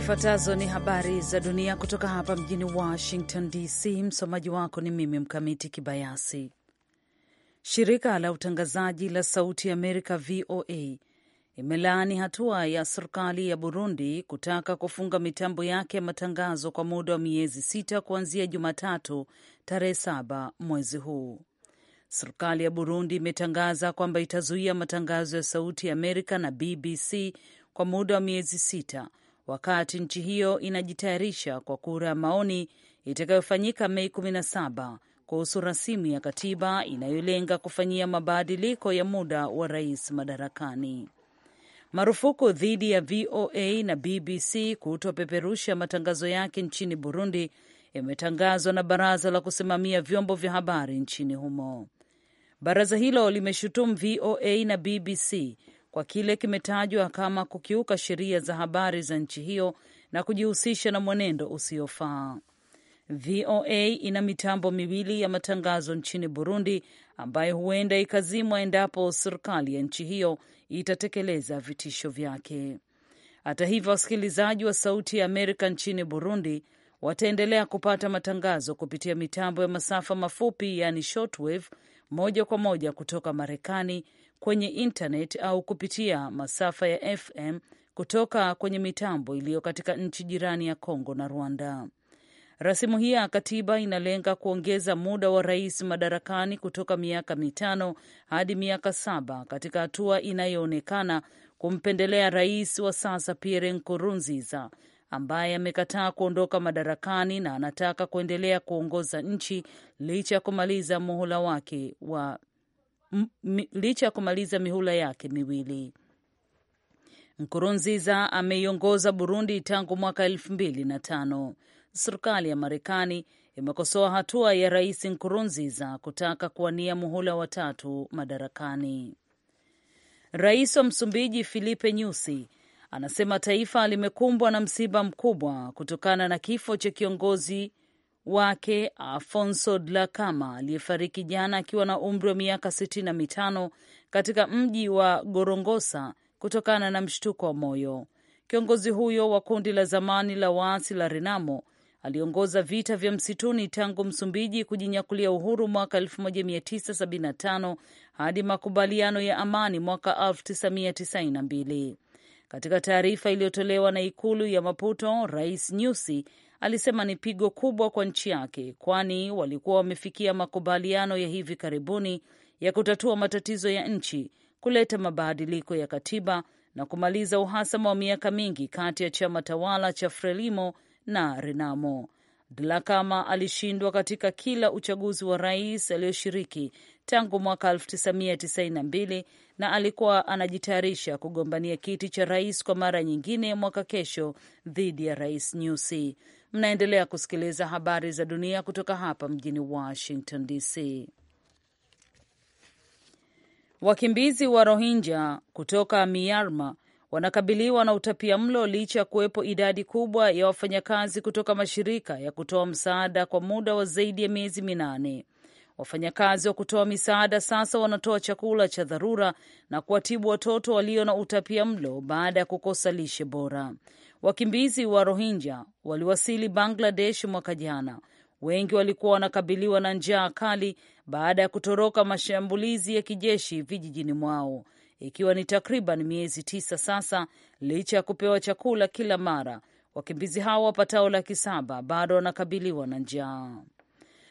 Zifuatazo ni habari za dunia kutoka hapa mjini Washington DC. Msomaji wako ni mimi Mkamiti Kibayasi. Shirika la utangazaji la Sauti ya Amerika, VOA, imelaani hatua ya serikali ya Burundi kutaka kufunga mitambo yake ya matangazo kwa muda wa miezi sita kuanzia Jumatatu tarehe saba mwezi huu. Serikali ya Burundi imetangaza kwamba itazuia matangazo ya Sauti ya Amerika na BBC kwa muda wa miezi sita wakati nchi hiyo inajitayarisha kwa kura ya maoni itakayofanyika Mei 17 kuhusu rasimu ya katiba inayolenga kufanyia mabadiliko ya muda wa rais madarakani. Marufuku dhidi ya VOA na BBC kutopeperusha matangazo yake nchini Burundi imetangazwa na baraza la kusimamia vyombo vya habari nchini humo. Baraza hilo limeshutumu VOA na BBC kwa kile kimetajwa kama kukiuka sheria za habari za nchi hiyo na kujihusisha na mwenendo usiofaa. VOA ina mitambo miwili ya matangazo nchini Burundi ambayo huenda ikazimwa endapo serikali ya nchi hiyo itatekeleza vitisho vyake. Hata hivyo, wasikilizaji wa Sauti ya Amerika nchini Burundi wataendelea kupata matangazo kupitia mitambo ya masafa mafupi, yani shortwave, moja kwa moja kutoka Marekani kwenye intanet au kupitia masafa ya FM kutoka kwenye mitambo iliyo katika nchi jirani ya congo na Rwanda. Rasimu hii ya katiba inalenga kuongeza muda wa rais madarakani kutoka miaka mitano hadi miaka saba katika hatua inayoonekana kumpendelea rais wa sasa Pierre Nkurunziza ambaye amekataa kuondoka madarakani na anataka kuendelea kuongoza nchi licha ya kumaliza muhula wake wa licha ya kumaliza mihula yake miwili. Nkurunziza ameiongoza Burundi tangu mwaka elfu mbili na tano. Serikali ya Marekani imekosoa hatua ya rais Nkurunziza kutaka kuwania muhula watatu madarakani. Rais wa Msumbiji Filipe Nyusi anasema taifa limekumbwa na msiba mkubwa kutokana na kifo cha kiongozi wake Afonso Dlakama aliyefariki jana akiwa na umri wa miaka sitini na mitano katika mji wa Gorongosa kutokana na mshtuko wa moyo. Kiongozi huyo wa kundi la zamani la waasi la Renamo aliongoza vita vya msituni tangu Msumbiji kujinyakulia uhuru mwaka 1975 hadi makubaliano ya amani mwaka 1992. Katika taarifa iliyotolewa na ikulu ya Maputo, Rais Nyusi alisema ni pigo kubwa kwa nchi yake, kwani walikuwa wamefikia makubaliano ya hivi karibuni ya kutatua matatizo ya nchi, kuleta mabadiliko ya katiba na kumaliza uhasama wa miaka mingi kati ya chama tawala cha Frelimo na Renamo. Dhlakama alishindwa katika kila uchaguzi wa rais aliyoshiriki tangu mwaka 1992 na alikuwa anajitayarisha kugombania kiti cha rais kwa mara nyingine mwaka kesho dhidi ya Rais Nyusi. Mnaendelea kusikiliza habari za dunia kutoka hapa mjini Washington DC. Wakimbizi wa Rohingya kutoka Myanmar wanakabiliwa na utapia mlo licha ya kuwepo idadi kubwa ya wafanyakazi kutoka mashirika ya kutoa msaada kwa muda wa zaidi ya miezi minane. Wafanyakazi wa kutoa misaada sasa wanatoa chakula cha dharura na kuwatibu watoto walio na utapia mlo baada ya kukosa lishe bora. Wakimbizi wa Rohingya waliwasili Bangladesh mwaka jana. Wengi walikuwa wanakabiliwa na njaa kali baada ya kutoroka mashambulizi ya kijeshi vijijini mwao, ikiwa ni takriban miezi tisa sasa. Licha ya kupewa chakula kila mara, wakimbizi hao wapatao laki saba bado wanakabiliwa na njaa.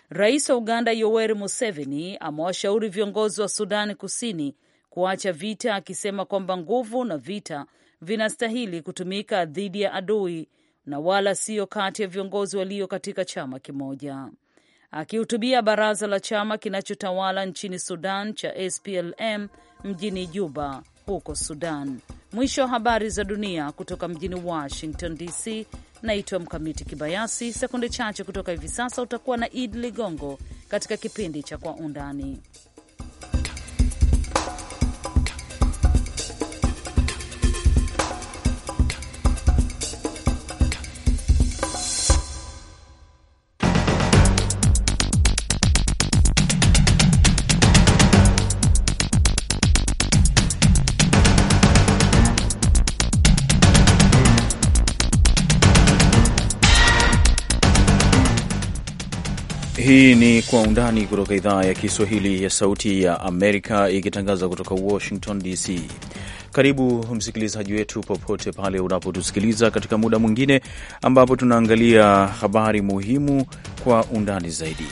Rais wa Uganda Yoweri Museveni amewashauri viongozi wa Sudani Kusini kuacha vita, akisema kwamba nguvu na vita vinastahili kutumika dhidi ya adui na wala sio kati ya viongozi walio katika chama kimoja. Akihutubia baraza la chama kinachotawala nchini Sudan cha SPLM mjini Juba huko Sudan. Mwisho wa habari za dunia kutoka mjini Washington DC. Naitwa Mkamiti Kibayasi. Sekunde chache kutoka hivi sasa utakuwa na Id Ligongo katika kipindi cha Kwa Undani. Hii ni Kwa Undani kutoka idhaa ya Kiswahili ya Sauti ya Amerika, ikitangaza kutoka Washington DC. Karibu msikilizaji wetu popote pale unapotusikiliza katika muda mwingine ambapo tunaangalia habari muhimu kwa undani zaidi.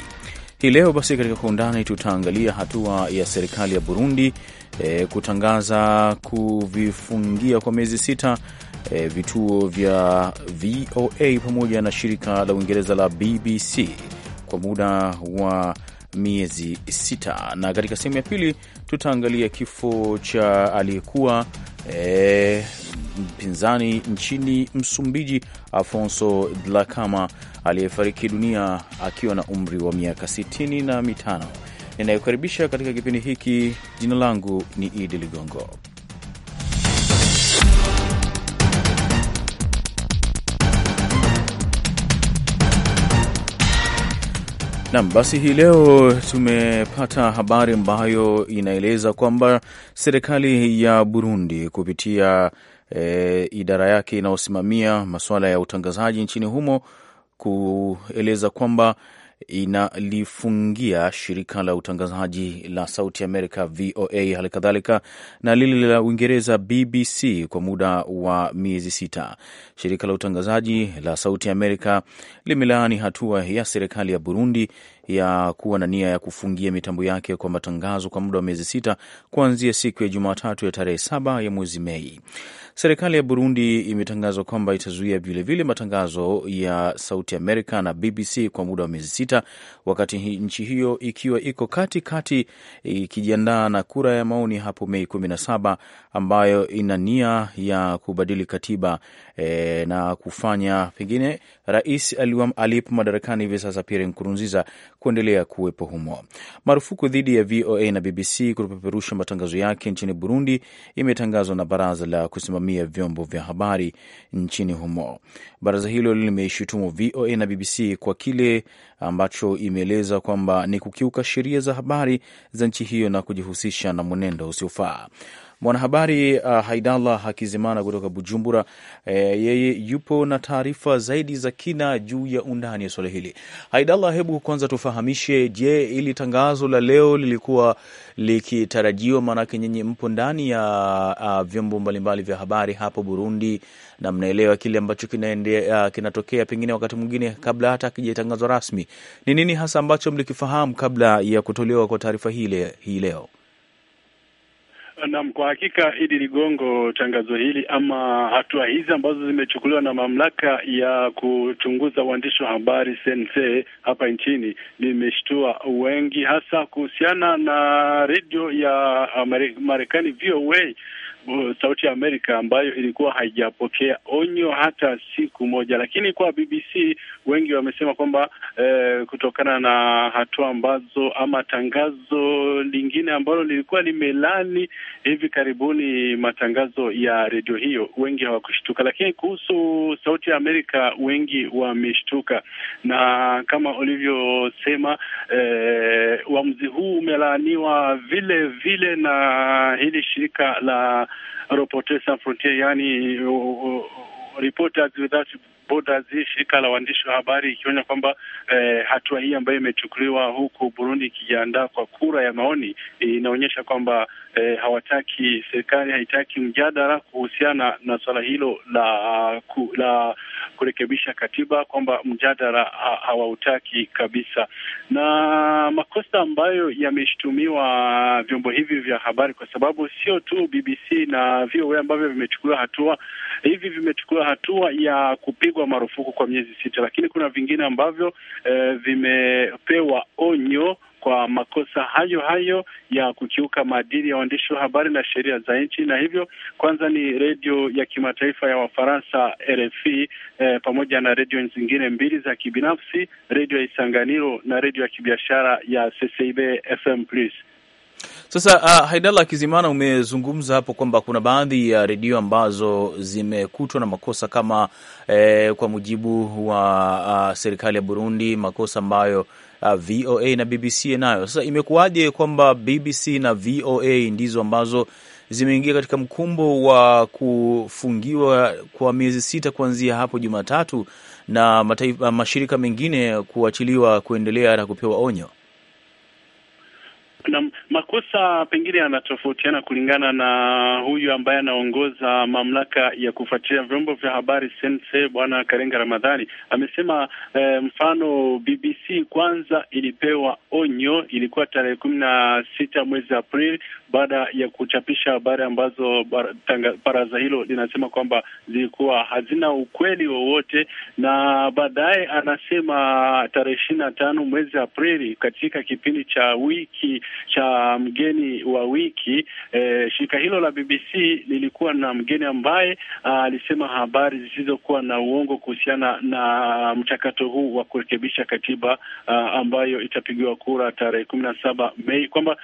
Hii leo basi, katika Kwa Undani tutaangalia hatua ya serikali ya Burundi e, kutangaza kuvifungia kwa miezi sita e, vituo vya VOA pamoja na shirika la Uingereza la BBC kwa muda wa miezi sita, na katika sehemu ya pili tutaangalia kifo cha aliyekuwa e, mpinzani nchini Msumbiji Afonso Dhlakama aliyefariki dunia akiwa na umri wa miaka sitini na mitano. Ninayokaribisha katika kipindi hiki, jina langu ni Idi Ligongo. Nam, basi hii leo tumepata habari ambayo inaeleza kwamba serikali ya Burundi kupitia e, idara yake inayosimamia masuala ya utangazaji nchini humo kueleza kwamba inalifungia shirika la utangazaji la Sauti Amerika VOA, hali kadhalika na lile la Uingereza BBC kwa muda wa miezi sita. Shirika la utangazaji la Sauti Amerika limelaani hatua ya serikali ya Burundi ya kuwa na nia ya kufungia mitambo yake kwa matangazo kwa muda wa miezi sita kuanzia siku ya Jumatatu ya tarehe saba ya mwezi Mei. Serikali ya Burundi imetangazwa kwamba itazuia vilevile matangazo ya Sauti Amerika na BBC kwa muda wa miezi sita, wakati nchi hiyo ikiwa iko katikati ikijiandaa na kura ya maoni hapo Mei 17 ambayo ina nia ya kubadili katiba e, na kufanya pengine rais aliyepo madarakani hivi sasa Pierre Nkurunziza kuendelea kuwepo humo. Marufuku dhidi ya VOA na BBC kupeperusha matangazo yake nchini Burundi imetangazwa na baraza la kusimamia vyombo vya habari nchini humo. Baraza hilo limeishutumu VOA na BBC kwa kile ambacho imeeleza kwamba ni kukiuka sheria za habari za nchi hiyo na kujihusisha na mwenendo usiofaa. Mwanahabari uh, Haidallah Hakizimana kutoka Bujumbura, e, yeye yupo na taarifa zaidi za kina juu ya undani ya suala hili. Haidallah, hebu kwanza tufahamishe, je, ili tangazo la leo lilikuwa likitarajiwa? Maanake nyinyi mpo ndani ya uh, vyombo mbalimbali vya habari hapo Burundi na mnaelewa kile ambacho kinaendelea, uh, kinatokea pengine wakati mwingine kabla hata akijatangazwa rasmi. Ni nini hasa ambacho mlikifahamu kabla ya kutolewa kwa taarifa hii leo? Naam, kwa hakika Idi Ligongo, tangazo hili ama hatua hizi ambazo zimechukuliwa na mamlaka ya kuchunguza uandishi wa habari CNC hapa nchini limeshtua wengi, hasa kuhusiana na redio ya Marekani VOA Uh, Sauti ya Amerika ambayo ilikuwa haijapokea onyo hata siku moja, lakini kwa BBC wengi wamesema kwamba eh, kutokana na hatua ambazo ama tangazo lingine ambalo lilikuwa limelani hivi karibuni matangazo ya redio hiyo, wengi hawakushtuka. Lakini kuhusu Sauti ya Amerika wengi wameshtuka, na kama ulivyosema, eh, uamuzi huu umelaaniwa vile vile na hili shirika la repotesc în frontier, yani ripote ați vedea și Borders, shirika la waandishi wa habari, ikionya kwamba eh, hatua hii ambayo imechukuliwa huku Burundi ikijiandaa kwa kura ya maoni eh, inaonyesha kwamba eh, hawataki, serikali haitaki mjadala kuhusiana na suala hilo la, ku, la kurekebisha katiba, kwamba mjadala ha, hawautaki kabisa, na makosa ambayo yameshtumiwa vyombo hivi vya habari, kwa sababu sio tu BBC na VOA ambavyo vimechukuliwa hatua hivi, vimechukuliwa hatua ya kupigwa vimepigwa marufuku kwa miezi sita, lakini kuna vingine ambavyo eh, vimepewa onyo kwa makosa hayo hayo ya kukiuka maadili ya waandishi wa habari na sheria za nchi. Na hivyo kwanza ni redio ya kimataifa ya Wafaransa RFI, eh, pamoja na redio zingine mbili za kibinafsi, redio ya Isanganiro na redio ya kibiashara ya CCIB FM Plus. Sasa uh, ah, Haidala Kizimana, umezungumza hapo kwamba kuna baadhi ya redio ambazo zimekutwa na makosa kama eh, kwa mujibu wa uh, serikali ya Burundi, makosa ambayo uh, ah, VOA na BBC nayo. Sasa imekuwaje kwamba BBC na VOA ndizo ambazo zimeingia katika mkumbo wa kufungiwa kwa miezi sita kuanzia hapo Jumatatu na mataifa, mashirika mengine kuachiliwa kuendelea na kupewa onyo? na makosa pengine yanatofautiana kulingana na huyu ambaye anaongoza mamlaka ya kufuatilia vyombo vya habari Sense, Bwana Karenga Ramadhani amesema eh, mfano BBC kwanza ilipewa onyo, ilikuwa tarehe kumi na sita mwezi Aprili baada ya kuchapisha habari ambazo baraza hilo linasema kwamba zilikuwa hazina ukweli wowote, na baadaye anasema tarehe ishirini na tano mwezi Aprili katika kipindi cha wiki cha mgeni wa wiki e, shirika hilo la BBC lilikuwa na mgeni ambaye alisema habari zisizokuwa na uongo kuhusiana na mchakato huu wa kurekebisha katiba a, ambayo itapigiwa kura tarehe kumi na saba Mei kwamba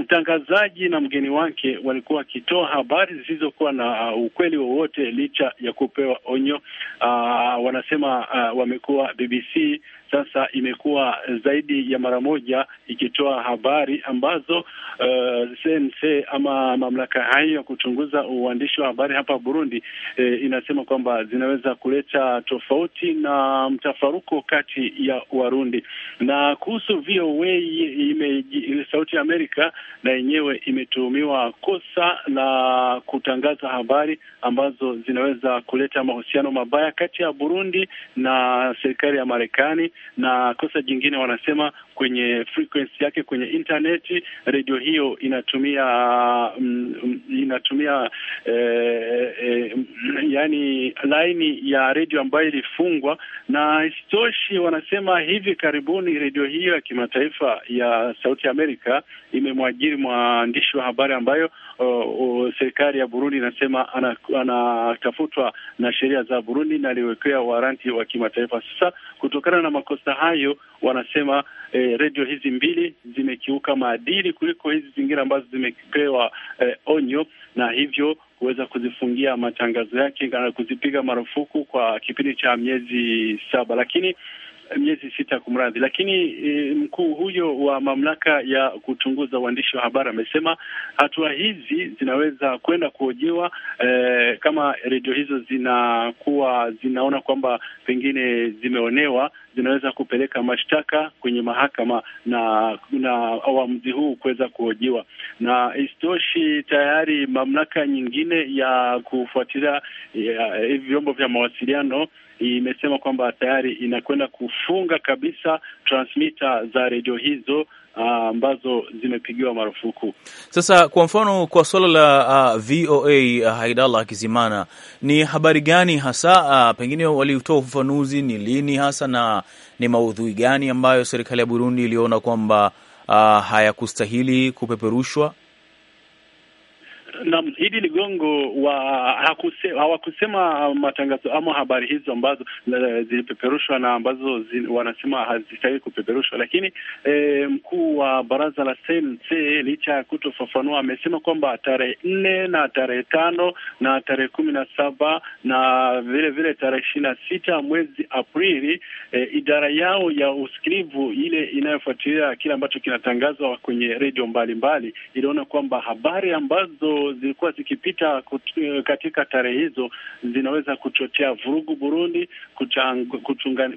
mtangazaji na mgeni wake walikuwa wakitoa habari zisizokuwa na ukweli wowote licha ya kupewa onyo. Aa, wanasema wamekuwa BBC sasa imekuwa zaidi ya mara moja ikitoa habari ambazo uh, eh, CNC ama mamlaka hayo ya kuchunguza uandishi wa habari hapa Burundi eh, inasema kwamba zinaweza kuleta tofauti na mtafaruko kati ya Warundi. Na kuhusu VOA ime, Sauti ya Amerika na yenyewe imetuhumiwa kosa la kutangaza habari ambazo zinaweza kuleta mahusiano mabaya kati ya Burundi na serikali ya Marekani na kosa jingine wanasema kwenye frequency yake kwenye intaneti, redio hiyo inatumia mm, mm, inatumia eh, eh, yani laini ya redio ambayo ilifungwa. Na isitoshi, wanasema hivi karibuni redio hiyo ya kimataifa ya Sauti Amerika imemwajiri mwandishi wa habari ambayo uh, serikali ya Burundi inasema anatafutwa ana na sheria za Burundi na aliwekea waranti wa kimataifa. Sasa kutokana na makosa hayo wanasema eh, redio hizi mbili zimekiuka maadili kuliko hizi zingine ambazo zimepewa eh, onyo na hivyo kuweza kuzifungia matangazo yake na kuzipiga marufuku kwa kipindi cha miezi saba, lakini miezi sita, kumradhi. Lakini e, mkuu huyo wa mamlaka ya kuchunguza uandishi wa habari amesema hatua hizi zinaweza kwenda kuojiwa e, kama redio hizo zinakuwa zinaona kwamba pengine zimeonewa zinaweza kupeleka mashtaka kwenye mahakama na na awamuzi huu kuweza kuhojiwa. Na isitoshi tayari mamlaka nyingine ya kufuatilia vyombo vya mawasiliano imesema kwamba tayari inakwenda kufunga kabisa transmita za redio hizo ah, ambazo uh, zimepigiwa marufuku. Sasa kwa mfano, kwa suala la uh, ah, VOA uh, ah, Haidallah Kizimana, ni habari gani hasa uh, pengine walitoa ufafanuzi ni lini hasa na ni maudhui gani ambayo serikali ya Burundi iliona kwamba uh, hayakustahili kupeperushwa? Naam, hili Ligongo wa hakuse, hawakusema matangazo ama habari hizo ambazo eh, zilipeperushwa na ambazo zi, wanasema hazistahili kupeperushwa, lakini e, mkuu wa baraza la SNC licha ya kutofafanua amesema kwamba tarehe nne na tarehe tano na tarehe kumi na saba na vile vile tarehe ishirini na sita mwezi Aprili e, idara yao ya usikilivu ile inayofuatilia kile ambacho kinatangazwa kwenye redio mbalimbali iliona kwamba habari ambazo zilikuwa zikipita katika tarehe hizo zinaweza kuchochea vurugu Burundi,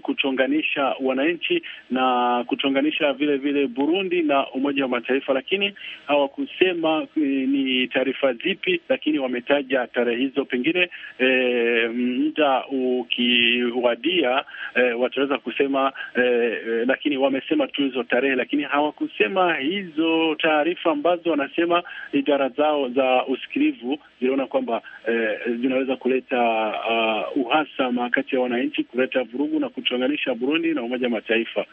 kuchonganisha wananchi na kuchonganisha vile vile Burundi na Umoja wa Mataifa, lakini hawakusema eh, ni taarifa zipi, lakini wametaja tarehe hizo. Pengine e, muda ukiwadia e, wataweza kusema e, lakini wamesema tu hizo tarehe, lakini hawakusema hizo taarifa ambazo wanasema idara zao za uh, usikilivu ziliona kwamba zinaweza eh, kuleta uh, uhasama kati ya wananchi, kuleta vurugu na kuchonganisha Burundi na Umoja Mataifa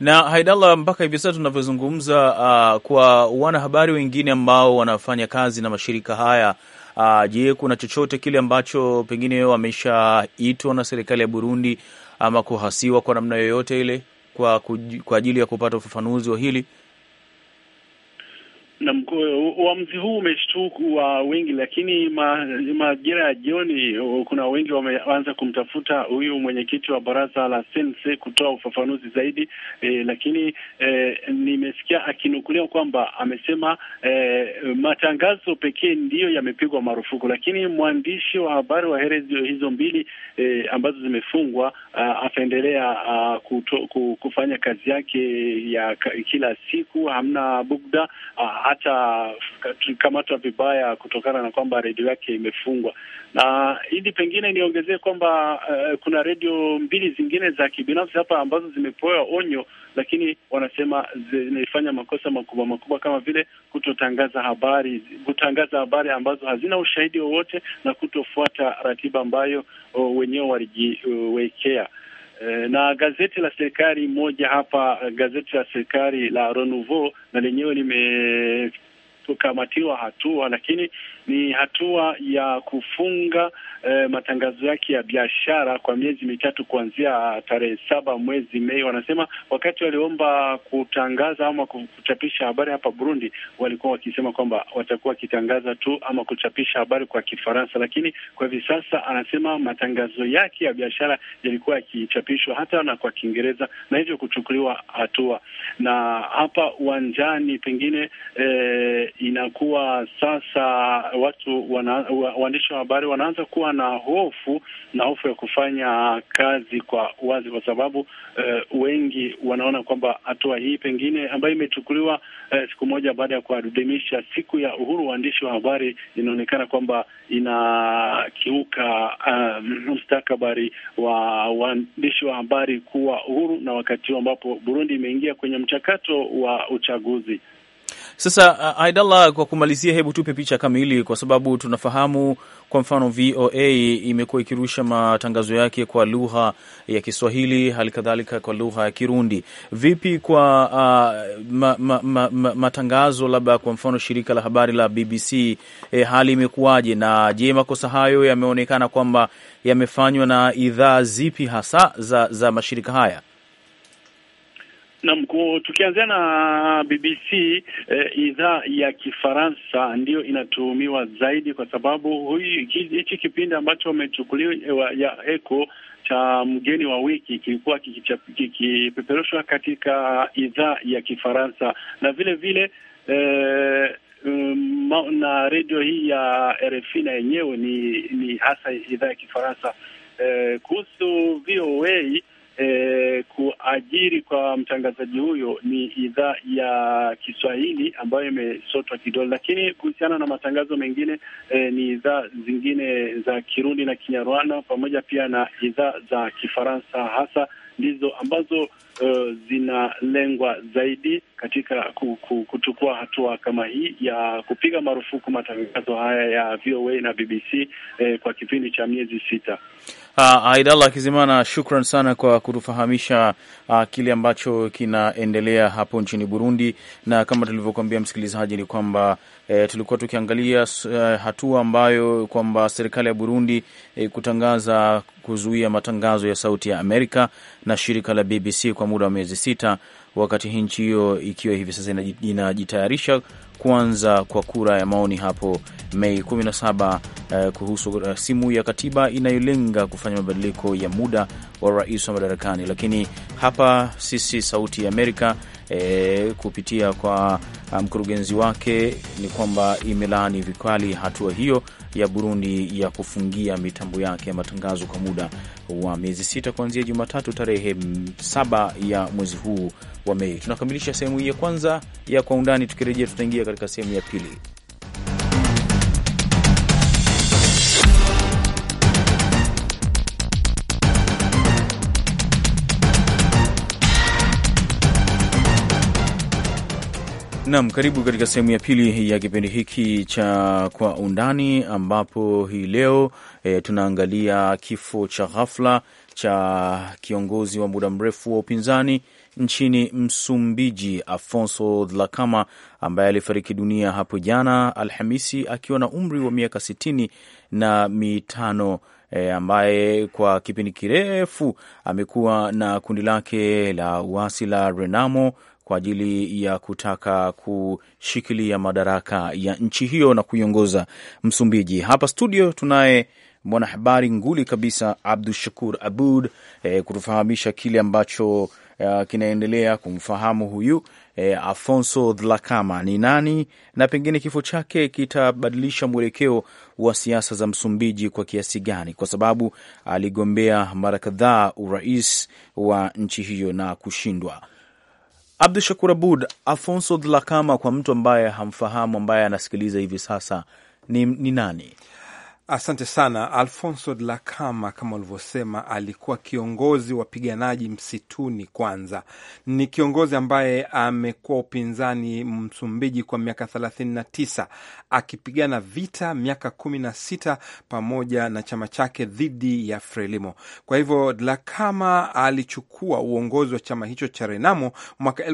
na Haidallah, mpaka hivi sasa tunavyozungumza, uh, kwa wanahabari wengine ambao wanafanya kazi na mashirika haya uh, je, kuna chochote kile ambacho pengine wameshaitwa na serikali ya Burundi ama kuhasiwa kwa namna yoyote ile kwa, kwa ajili ya kupata ufafanuzi wa hili? na uamuzi huu wa wengi, lakini majira ya jioni kuna wengi wameanza kumtafuta huyu mwenyekiti wa baraza la sense kutoa ufafanuzi zaidi e, lakini e, nimesikia akinukuliwa kwamba amesema e, matangazo pekee ndiyo yamepigwa marufuku, lakini mwandishi wa habari wa redio hizo mbili e, ambazo zimefungwa ataendelea kufanya kazi yake ya kila siku, hamna bugda a, hata kamatwa vibaya kutokana na kwamba redio yake imefungwa. Na hili pengine niongezee kwamba uh, kuna redio mbili zingine za kibinafsi hapa ambazo zimepewa onyo, lakini wanasema zinafanya makosa makubwa makubwa kama vile kutotangaza habari, kutangaza habari ambazo hazina ushahidi wowote na kutofuata ratiba ambayo oh, wenyewe walijiwekea. Eh, Eh, na gazeti la serikali moja hapa, eh, gazeti la serikali la Renouveau na lenyewe lime kukamatiwa hatua, lakini ni hatua ya kufunga eh, matangazo yake ya biashara kwa miezi mitatu kuanzia tarehe saba mwezi Mei. Wanasema wakati waliomba kutangaza ama kuchapisha habari hapa Burundi walikuwa wakisema kwamba watakuwa wakitangaza tu ama kuchapisha habari kwa Kifaransa, lakini kwa hivi sasa anasema matangazo yake ya biashara yalikuwa yakichapishwa hata na kwa Kiingereza na hivyo kuchukuliwa hatua na hapa uwanjani pengine eh, inakuwa sasa watu wana, waandishi wa habari wanaanza kuwa na hofu na hofu ya kufanya kazi kwa wazi, kwa sababu uh, wengi wanaona kwamba hatua hii pengine ambayo imechukuliwa uh, siku moja baada ya kuadhimisha siku ya uhuru waandishi wa habari inaonekana kwamba inakiuka uh, mustakabali wa waandishi wa habari kuwa uhuru, na wakati huu ambapo Burundi imeingia kwenye mchakato wa uchaguzi. Sasa uh, Aidallah, kwa kumalizia, hebu tupe picha kamili, kwa sababu tunafahamu kwa mfano VOA imekuwa ikirusha matangazo yake kwa lugha ya Kiswahili, hali kadhalika kwa lugha ya Kirundi. Vipi kwa uh, ma, ma, ma, ma, matangazo labda kwa mfano shirika la habari la BBC, eh, hali imekuwaje? Na je, makosa hayo yameonekana kwamba yamefanywa na idhaa zipi hasa za, za mashirika haya? Naam, tukianzia na BBC eh, idhaa ya Kifaransa ndiyo inatuhumiwa zaidi kwa sababu hichi kipindi ambacho wamechukuliwa eh, ya eko cha mgeni wa wiki kilikuwa kikipeperushwa katika idhaa ya Kifaransa na vile vile eh, um, na redio hii ya RFI na yenyewe ni, ni hasa idhaa ya Kifaransa eh, kuhusu VOA e, kuajiri kwa mtangazaji huyo ni idhaa ya Kiswahili ambayo imesotwa kidole, lakini kuhusiana na matangazo mengine e, ni idhaa zingine za Kirundi na Kinyarwanda pamoja pia na idhaa za Kifaransa hasa ndizo ambazo Eh, zinalengwa zaidi katika kuchukua hatua kama hii ya kupiga marufuku matangazo haya ya VOA na BBC eh, kwa kipindi cha miezi sita. Uh, Aidallah Kizimana, shukran sana kwa kutufahamisha uh, kile ambacho kinaendelea hapo nchini Burundi, na kama tulivyokuambia msikilizaji ni kwamba eh, tulikuwa tukiangalia eh, hatua ambayo kwamba serikali ya Burundi eh, kutangaza kuzuia matangazo ya Sauti ya Amerika na shirika la BBC kwa kwa muda wa miezi sita, wakati hii nchi hiyo ikiwa hivi sasa inajitayarisha kuanza kwa kura ya maoni hapo Mei 17 uh, eh, kuhusu rasimu eh, ya katiba inayolenga kufanya mabadiliko ya muda wa rais wa madarakani. Lakini hapa sisi Sauti ya Amerika eh, kupitia kwa Ah, mkurugenzi wake ni kwamba imelaani vikali hatua hiyo ya Burundi ya kufungia mitambo yake ya matangazo kwa muda wa miezi sita kuanzia Jumatatu tarehe saba ya mwezi huu wa Mei. Tunakamilisha sehemu hii ya kwanza ya Kwa Undani. Tukirejea tutaingia katika sehemu ya pili. Naam, karibu katika sehemu ya pili ya kipindi hiki cha Kwa Undani, ambapo hii leo e, tunaangalia kifo cha ghafla cha kiongozi wa muda mrefu wa upinzani nchini Msumbiji, Afonso Dhlakama, ambaye alifariki dunia hapo jana Alhamisi akiwa na umri wa miaka sitini na mitano. E, ambaye kwa kipindi kirefu amekuwa na kundi lake la uasi la Renamo kwa ajili ya kutaka kushikilia madaraka ya nchi hiyo na kuiongoza Msumbiji. Hapa studio tunaye mwanahabari nguli kabisa Abdu Shakur Abud e, kutufahamisha kile ambacho e, kinaendelea, kumfahamu huyu e, Afonso Dhlakama ni nani na pengine kifo chake kitabadilisha mwelekeo wa siasa za Msumbiji kwa kiasi gani, kwa sababu aligombea mara kadhaa urais wa nchi hiyo na kushindwa. Abdu Shakur Abud, Afonso Dhlakama, kwa mtu ambaye hamfahamu, ambaye anasikiliza hivi sasa, ni, ni nani? Asante sana Alfonso de la Kama. Kama ulivyosema, alikuwa kiongozi wapiganaji msituni. Kwanza ni kiongozi ambaye amekuwa upinzani Msumbiji kwa miaka thelathini na tisa akipigana vita miaka kumi na sita pamoja na chama chake dhidi ya Frelimo. Kwa hivyo de la Kama alichukua uongozi wa chama hicho cha Renamo mwaka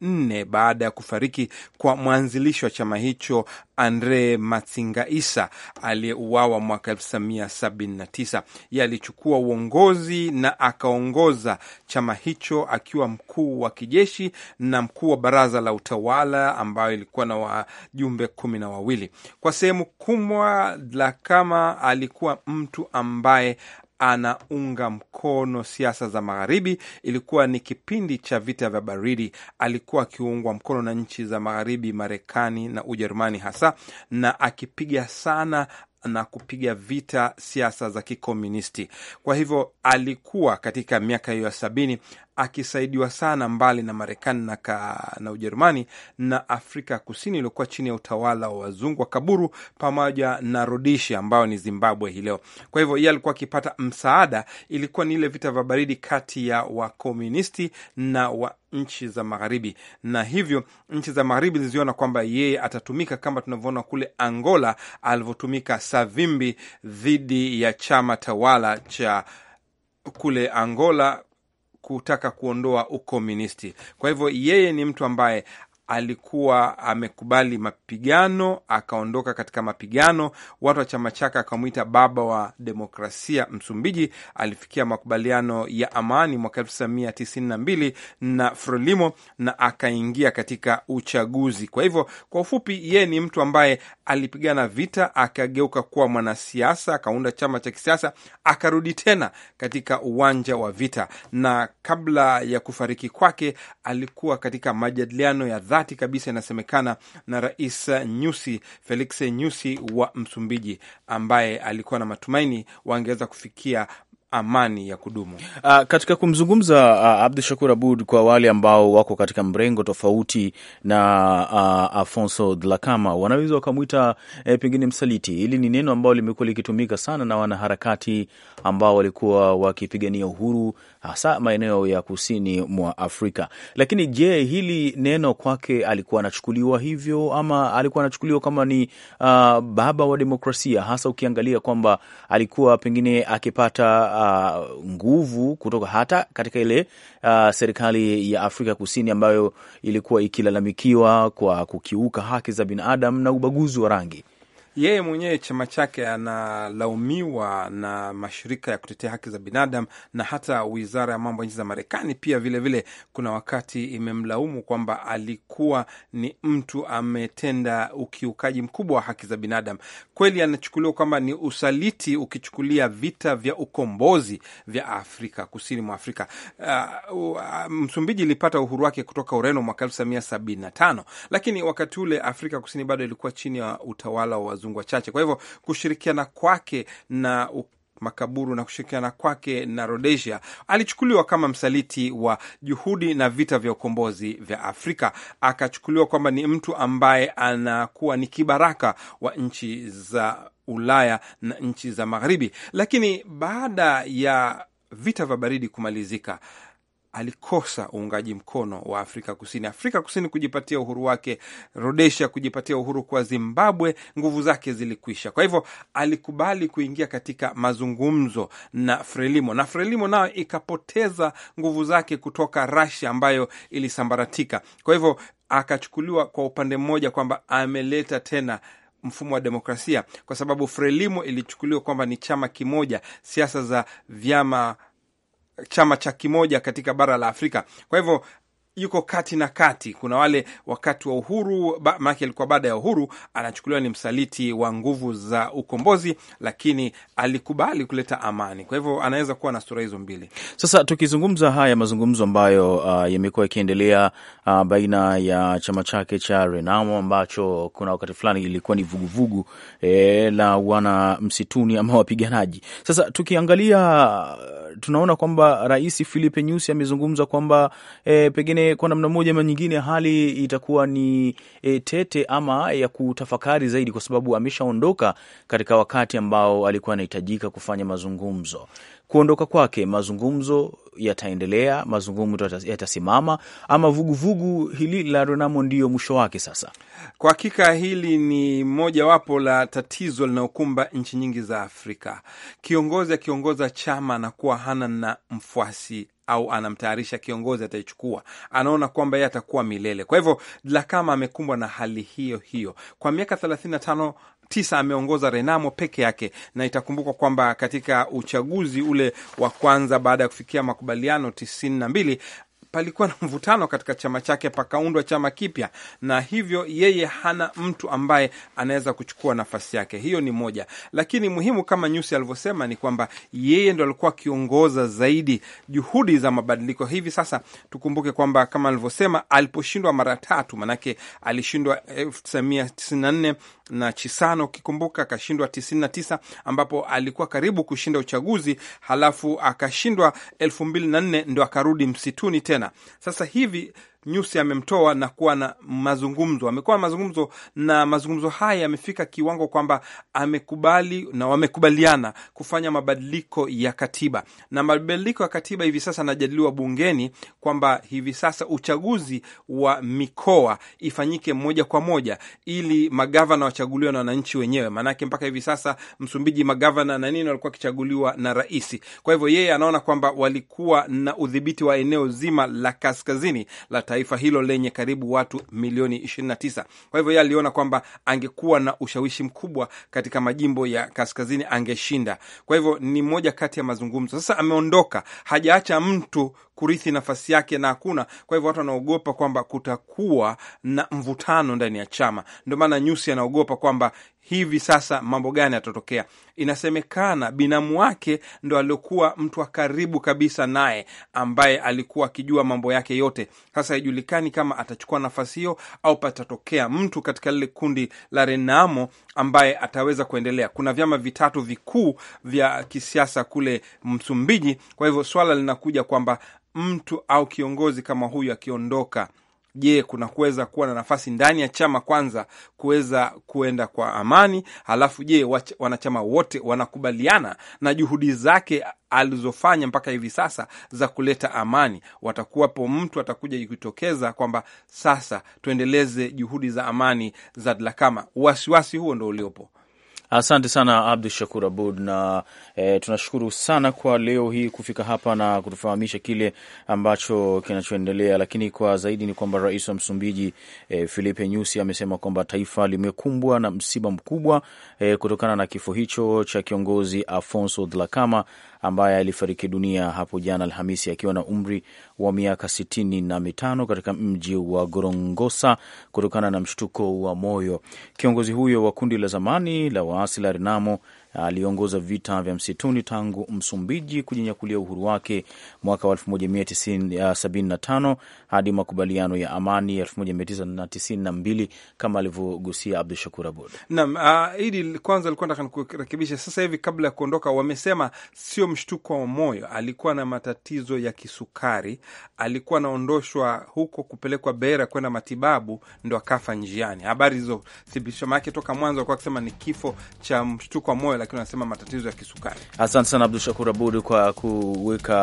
nne baada ya kufariki kwa mwanzilishi wa chama hicho Andre Matsingaisa aliyeuawa mwaka 1979. Yeye alichukua uongozi na akaongoza chama hicho akiwa mkuu wa kijeshi na mkuu wa baraza la utawala ambayo ilikuwa na wajumbe kumi na wawili. Kwa sehemu kubwa la kama alikuwa mtu ambaye anaunga mkono siasa za magharibi. Ilikuwa ni kipindi cha vita vya baridi, alikuwa akiungwa mkono na nchi za magharibi, Marekani na Ujerumani hasa, na akipiga sana na kupiga vita siasa za kikomunisti. Kwa hivyo alikuwa katika miaka hiyo ya sabini akisaidiwa sana, mbali na Marekani na, na Ujerumani na Afrika ya Kusini iliyokuwa chini ya utawala wa wazungu wa kaburu pamoja na rodishi ambayo ni Zimbabwe hii leo. Kwa hivyo yeye alikuwa akipata msaada, ilikuwa ni ile vita vya baridi kati ya wakomunisti na wa nchi za magharibi, na hivyo nchi za magharibi ziliziona kwamba yeye atatumika kama tunavyoona kule Angola alivyotumika Savimbi dhidi ya chama tawala cha kule Angola kutaka kuondoa ukomunisti. Kwa hivyo yeye ni mtu ambaye alikuwa amekubali mapigano, akaondoka katika mapigano. Watu wa chama chake akamwita baba wa demokrasia Msumbiji. Alifikia makubaliano ya amani mwaka 1992 na Frelimo na akaingia katika uchaguzi. Kwa hivyo, kwa ufupi, yeye ni mtu ambaye alipigana vita, akageuka kuwa mwanasiasa, akaunda chama cha kisiasa, akarudi tena katika uwanja wa vita. Na kabla ya kufariki kwake alikuwa katika majadiliano ya dhati kabisa, inasemekana na Rais Nyusi, Felix Nyusi wa Msumbiji, ambaye alikuwa na matumaini wangeweza kufikia amani ya kudumu. Uh, katika kumzungumza uh, Abdu Shakur Abud, kwa wale ambao wako katika mrengo tofauti na uh, Afonso Dhlakama, wanaweza wakamwita eh, pengine msaliti. Hili ni neno ambalo limekuwa likitumika sana na wanaharakati ambao walikuwa wakipigania uhuru hasa maeneo ya kusini mwa Afrika. Lakini je, hili neno kwake alikuwa anachukuliwa hivyo ama alikuwa anachukuliwa kama ni uh, baba wa demokrasia, hasa ukiangalia kwamba alikuwa pengine akipata uh, nguvu kutoka hata katika ile uh, serikali ya Afrika Kusini ambayo ilikuwa ikilalamikiwa kwa kukiuka haki za binadamu na ubaguzi wa rangi. Yeye mwenyewe chama chake analaumiwa na mashirika ya kutetea haki za binadamu na hata wizara ya mambo ya nchi za Marekani pia vilevile vile. Kuna wakati imemlaumu kwamba alikuwa ni mtu ametenda ukiukaji mkubwa wa haki za binadamu. Kweli anachukuliwa kwamba ni usaliti, ukichukulia vita vya ukombozi vya Afrika kusini mwa Afrika. Uh, uh, Msumbiji ilipata uhuru wake kutoka Ureno mwaka tano, lakini wakati ule Afrika kusini bado ilikuwa chini ya utawala wa wazungu wachache. Kwa hivyo kushirikiana kwake na makaburu na kushirikiana kwake na Rhodesia alichukuliwa kama msaliti wa juhudi na vita vya ukombozi vya Afrika, akachukuliwa kwamba ni mtu ambaye anakuwa ni kibaraka wa nchi za Ulaya na nchi za Magharibi. Lakini baada ya vita vya baridi kumalizika alikosa uungaji mkono wa Afrika Kusini. Afrika Kusini kujipatia uhuru wake, Rhodesia kujipatia uhuru kwa Zimbabwe, nguvu zake zilikwisha. Kwa hivyo alikubali kuingia katika mazungumzo na Frelimo, na Frelimo nayo ikapoteza nguvu zake kutoka Russia ambayo ilisambaratika. Kwa hivyo akachukuliwa kwa upande mmoja kwamba ameleta tena mfumo wa demokrasia, kwa sababu Frelimo ilichukuliwa kwamba ni chama kimoja, siasa za vyama chama cha kimoja katika bara la Afrika. Kwa hivyo yuko kati na kati. Kuna wale wakati wa uhuru make alikuwa baada ya uhuru, anachukuliwa ni msaliti wa nguvu za ukombozi, lakini alikubali kuleta amani. Kwa hivyo anaweza kuwa na sura hizo mbili. Sasa tukizungumza haya mazungumzo ambayo uh, yamekuwa yakiendelea uh, baina ya chama chake cha Renamo ambacho kuna wakati fulani ilikuwa ni vuguvugu eh, la wana msituni ama wapiganaji. Sasa tukiangalia tunaona kwamba Rais Filipe Nyusi amezungumza kwamba e, pengine kwa namna moja ama nyingine hali itakuwa ni e, tete ama ya kutafakari zaidi, kwa sababu ameshaondoka katika wakati ambao alikuwa anahitajika kufanya mazungumzo kuondoka kwake, mazungumzo yataendelea, mazungumzo yatasimama, ama vuguvugu vugu hili la Renamo ndiyo mwisho wake? Sasa kwa hakika hili ni mojawapo la tatizo linalokumba nchi nyingi za Afrika. Kiongozi akiongoza chama anakuwa hana na mfuasi au anamtayarisha kiongozi ataichukua, anaona kwamba yeye atakuwa milele. Kwa hivyo Dhlakama amekumbwa na hali hiyo hiyo kwa miaka thelathini na tano tisa ameongoza Renamo peke yake, na itakumbukwa kwamba katika uchaguzi ule wa kwanza baada ya kufikia makubaliano tisini na mbili palikuwa na mvutano katika chama chake, pakaundwa chama kipya, na hivyo yeye hana mtu ambaye anaweza kuchukua nafasi yake. Hiyo ni moja, lakini muhimu kama Nyusi alivyosema ni kwamba yeye ndo alikuwa akiongoza zaidi juhudi za mabadiliko. Hivi sasa tukumbuke kwamba kama alivyosema, aliposhindwa mara tatu, manake alishindwa 1994 na Chisano ukikumbuka, akashindwa 99 ambapo alikuwa karibu kushinda uchaguzi, halafu akashindwa 2004 ndo akarudi msituni tena. Sasa hivi Nyusi amemtoa na kuwa na mazungumzo, amekuwa na mazungumzo, na mazungumzo haya yamefika kiwango kwamba amekubali na wamekubaliana kufanya mabadiliko ya katiba, na mabadiliko ya katiba hivi sasa anajadiliwa bungeni kwamba hivi sasa uchaguzi wa mikoa ifanyike moja kwa moja ili magavana wachaguliwe na wananchi wenyewe. Maanake mpaka hivi sasa Msumbiji magavana na nini walikuwa wakichaguliwa na raisi. Kwa hivyo yeye anaona kwamba walikuwa na udhibiti wa eneo zima la kaskazini la taifa hilo lenye karibu watu milioni 29. Kwa hivyo yeye aliona kwamba angekuwa na ushawishi mkubwa katika majimbo ya kaskazini, angeshinda. Kwa hivyo ni moja kati ya mazungumzo. Sasa ameondoka, hajaacha mtu kurithi nafasi yake na hakuna. Kwa hivyo watu wanaogopa kwamba kutakuwa na mvutano ndani ya chama, ndio maana Nyusi anaogopa kwamba hivi sasa mambo gani yatatokea. Inasemekana binamu wake ndo aliokuwa mtu wa karibu kabisa naye, ambaye alikuwa akijua mambo yake yote. Sasa haijulikani kama atachukua nafasi hiyo au patatokea mtu katika lile kundi la Renamo ambaye ataweza kuendelea. Kuna vyama vitatu vikuu vya kisiasa kule Msumbiji, kwa hivyo swala linakuja kwamba mtu au kiongozi kama huyu akiondoka, je, kuna kuweza kuwa na nafasi ndani ya chama kwanza kuweza kuenda kwa amani? Halafu je, wanachama wote wanakubaliana na juhudi zake alizofanya mpaka hivi sasa za kuleta amani? Watakuwapo mtu atakuja jikitokeza kwamba sasa tuendeleze juhudi za amani za Dhlakama. Wasiwasi huo ndo uliopo. Asante sana Abdu Shakur Abud, na e, tunashukuru sana kwa leo hii kufika hapa na kutufahamisha kile ambacho kinachoendelea. Lakini kwa zaidi ni kwamba rais wa Msumbiji e, Filipe Nyusi amesema kwamba taifa limekumbwa na msiba mkubwa e, kutokana na kifo hicho cha kiongozi Afonso Dhlakama ambaye alifariki dunia hapo jana Alhamisi akiwa na umri wa miaka sitini na mitano katika mji wa Gorongosa kutokana na mshtuko wa moyo. Kiongozi huyo wa kundi la zamani la waasi la Renamo aliongoza vita vya msituni tangu Msumbiji kujinyakulia uhuru wake mwaka wa 1975 hadi makubaliano ya amani ya 1992 kama alivyogusia Abdu Shakur Abud. Naam, uh, kwanza alikuwa nataka nikurekebisha sasa hivi kabla ya kuondoka, wamesema sio mshtuko wa moyo, alikuwa na matatizo ya kisukari, alikuwa anaondoshwa huko kupelekwa Beira kwenda matibabu, ndo akafa njiani. Habari hizo thibitisha maake toka mwanzo alikuwa akisema ni kifo cha mshtuko wa moyo lakini wanasema matatizo ya kisukari. Asante sana Abdu Shakur Abud kwa kuweka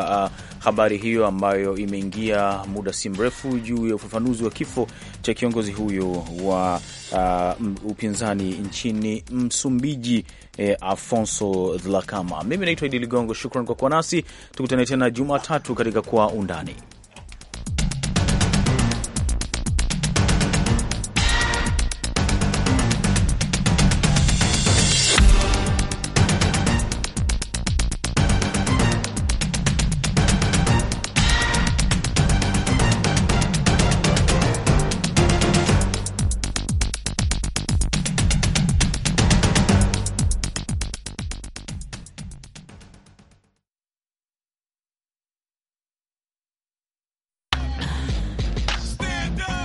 uh, habari hiyo ambayo imeingia muda si mrefu juu ya ufafanuzi wa kifo cha kiongozi huyo wa uh, upinzani nchini Msumbiji eh, Afonso Dhlakama. Mimi naitwa Idi Ligongo, shukran kwa kuwa nasi, tukutane tena Jumatatu katika Kwa Undani.